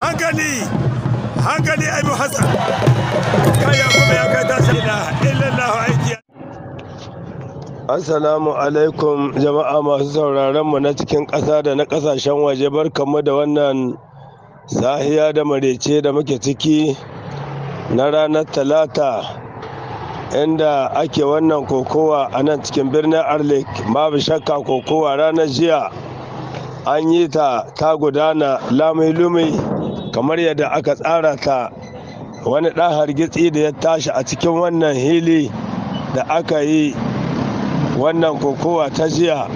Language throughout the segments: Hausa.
hankali hankali abu hassan kaya kuma ya kai tashi ila illallahu aiki Assalamu alaikum jama'a masu sauraron mu na cikin ƙasa da na ƙasashen waje barkanmu da wannan sahiya da marece da muke ciki na ranar talata inda ake wannan kokowa a nan cikin birnin arlik babu shakka kokowa ranar jiya an yi ta ta gudana lamai kamar yadda aka tsara ta wani ɗan hargitsi da ya tashi a cikin wannan hili da aka yi wannan kokowa ta jiya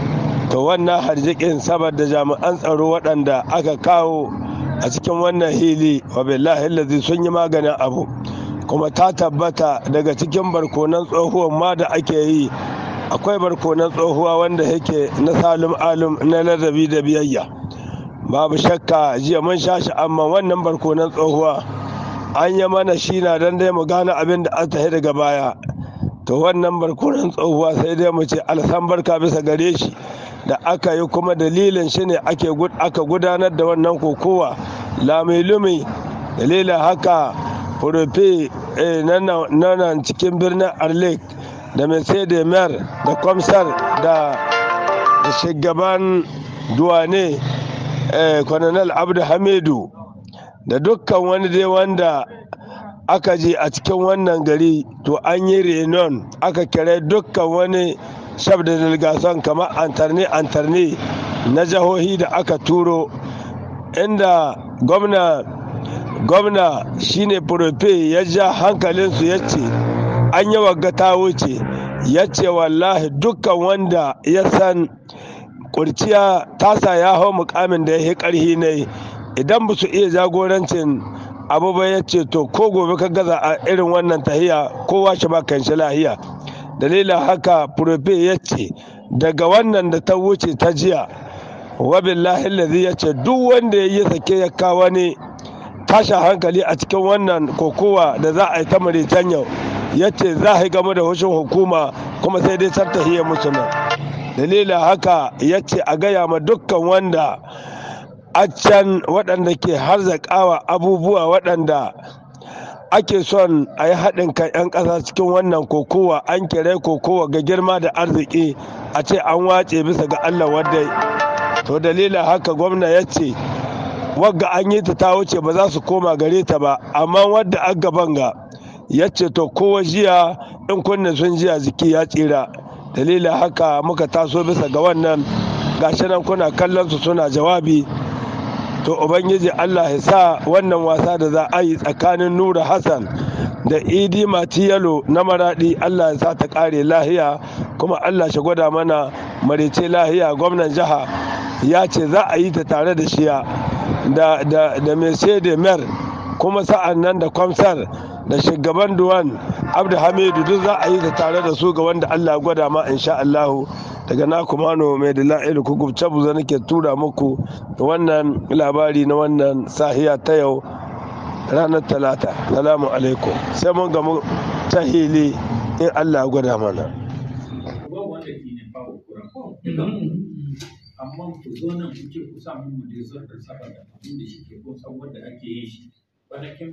to wannan harjikin saboda jami'an tsaro waɗanda aka kawo a cikin wannan hili wa billahi da sun yi maganin abu kuma ta tabbata daga cikin barkonan tsohuwan ma da ake yi akwai barkonan tsohuwa wanda yake na salim alum na ladabi da biyayya babu shakka jiya mun sha shi amma wannan barkonan tsohuwa an yi mana shi na don dai mu gane abin da aka tafi daga baya to wannan barkonan tsohuwa sai dai mu ce alsan barka bisa gare shi da aka yi kuma dalilin shi ne aka gudanar da wannan kokowa lamilumi dalilin haka furufi eh, nan cikin birnin arlek da mercedes mer da kwamsar da shugaban duwane Eh, Colonel Abdu Hamidu da dukkan wani dai wanda aka je a cikin wannan gari to an yi renon aka kira dukkan wani shaf da delegason kamar antarne-antarne na jihohi da aka turo inda gwamna gwamna shine furofe ya ja hankalinsu ya ce an yi wa ta wuce ya ce wallahi dukkan wanda ya san ƙurciya tasa ya hau mukamin da ya yi na ne idan ba su iya jagorancin abu ba ya ce to ko gobe ka gaza a irin wannan tahiya kowa shi ba shi lahiya dalilin haka profe ya ce daga wannan da ta wuce ta jiya wabillahi lazi ya ce duk wanda ya yi sake ya kawo ne tashin hankali a cikin wannan kokowa da za a yi ta yau ya ce za a yi game da hushin hukuma kuma sai dai can tahiyar musu dalila haka ya ce a gaya ma dukkan wanda a can waɗanda ke harzakawa abubuwa waɗanda ake son a yi haɗin kan 'yan ƙasa cikin wannan kokowa an kere kokowa ga girma da arziki a ce an wace bisa ga allah wadai to dalila haka gwamna ya ce wagga an yi ta ta wuce ba za su koma gare ta ba amma wadda an gaban ya ce to kowa jiya in kunne sun jiya jiki ya tsira dalilin haka muka taso bisa ga wannan gashi nan kuna kallon su suna jawabi to ubangiji allah ya sa wannan wasa da za a yi tsakanin nura hassan da idi matiyalo na maradi allah ya sa ta kare lahiya kuma allah shi gwada mana marice lahiya gwamnan jiha ya ce za a yi ta tare da shiya da da da mai kuma sa'an nan da kwamsar da shugaban duwan abdu hamidu duk za a yi da tare da su ga wanda allah gwada ma insha allahu daga na kuma mai da la'ilu gubce buza nake tura muku wannan labari na wannan sahiya ta yau ranar talata salamu alaikum sai mun gamu ta hili in allah gwada mana amma ku zo nan ku ce ku mu da saboda abin da shi ke ko saboda ake yin shi kwanakin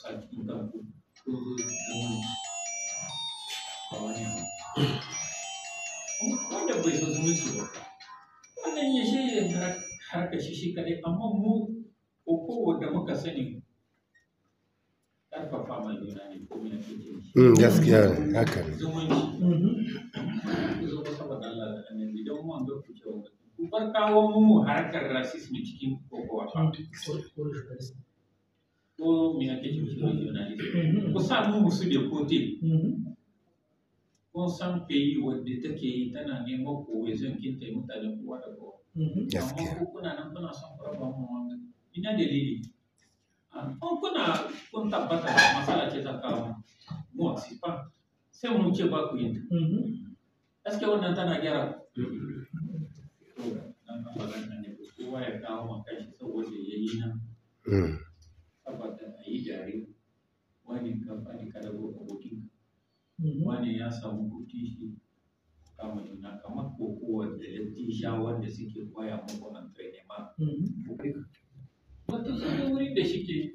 sa cikin kanku ko ba wani wanda bai so zumunci ba wannan ya shi ya harka shi shi kadai amma mu ko kowa da muka sani ƙarfafa ma juna ne ko mina ke ce gaskiya ne haka ne zumunci zo ba mu an ga ku ce ku bar kawo mu harkar rasismi cikin kokowa ko me ake ce musu regionalism ku sa mu musu da kote mm-hmm. kun san peyi wadda take yi tana neman cohesion kinta yi mutane kowa da kowa mm-hmm. amma kuna nan kuna son ku mu wanda ina dalili an ah, kuna kun tabbata masala ce ta kawo mu a sifa sai mu ce ba ku yin ta mm-hmm. gaske wannan tana gyara kowa ya kawo makashi saboda ya yi nan mm. kamfanin kamfanin ka da abokin mm-hmm. wani ya samu kuɗi shi kama juna kamar kokowa da sha wanda suke koya muku an ma mm-hmm. wata sun wuri da shike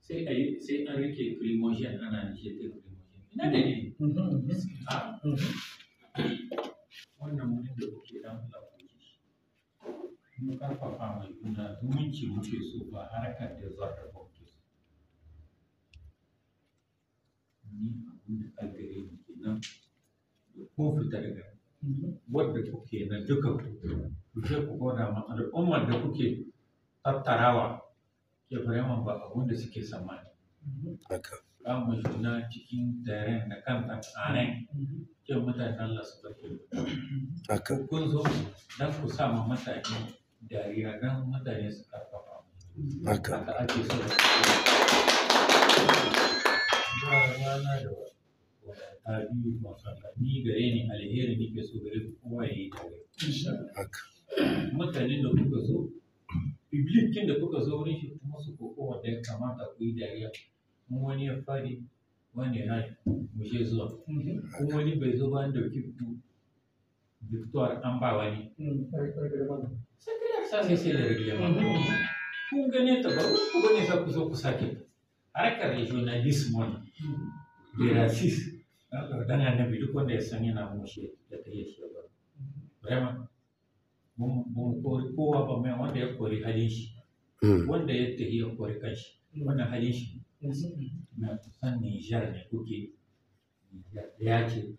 sai a yi sai an rike promotion ana nishe ta promotion ina da ne mm-hmm. wannan wurin da kuke dan kula kuke shi mun karfafa mai juna zumunci muke so ba harkar da za ta bauta ni abin da an gare ni kenan ko fita daga wadda kuke na duka ku je ku gwada ma al'ummar da kuke tattarawa ya fara ba abin da suke samani Za mu juna cikin dare da kan tsakanin yin mutane Allah su barke. Kun zo don ku sa ma mutane dariya don mutane su karfafa. Haka ake so. rana da ta biyu masana ni gare ni alheri nake so gare ku ya yi tare mutanen da kuka zo biblikin da kuka zo wurin shi kuma su koko wanda ya kamata ku yi dariya kuma wani ya fadi wani ya mu je zuwa kuma wani bai zo ba an dauki victor an ba wani mm, sai sai sai da rigiyar kun gane ta ba ku gane sa ku zo ku sake harkar regionalism mm. wannan birasis dan annabi duk wanda ya san yana mushe da ta yake ba kori ba mai wanda ya kori halin shi hmm. wanda ya tafi kori kanshi wannan halin shi na san Nijar ne kuke Nijar ya ce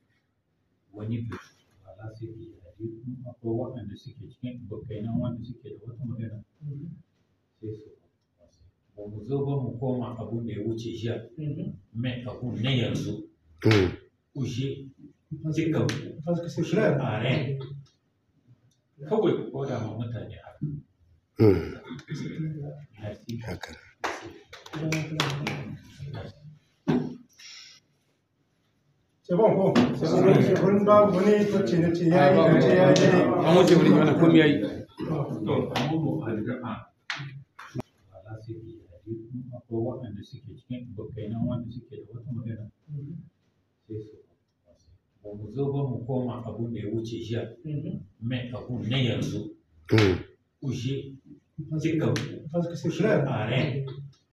wani biki ba za su yi yare akwai waɗanda suke cikin abokai wanda suke da wata magana mm-hmm. sai 我们做我们过嘛，阿布买五只鸡，买阿布两样肉，五只这个，现在哪来？他不会搞的嘛，没得的。嗯。这个。再往后，再往后，再往后，我们去吃呢，吃呀，吃呀，吃！我们去屋里边来喝米呀。ko wanda suke cikin bukainan wanda suke da wata magana sai su ba mu zo ba mu koma abun da ya wuce jiya mai abun na yanzu mm. kuje cikin kushe a rai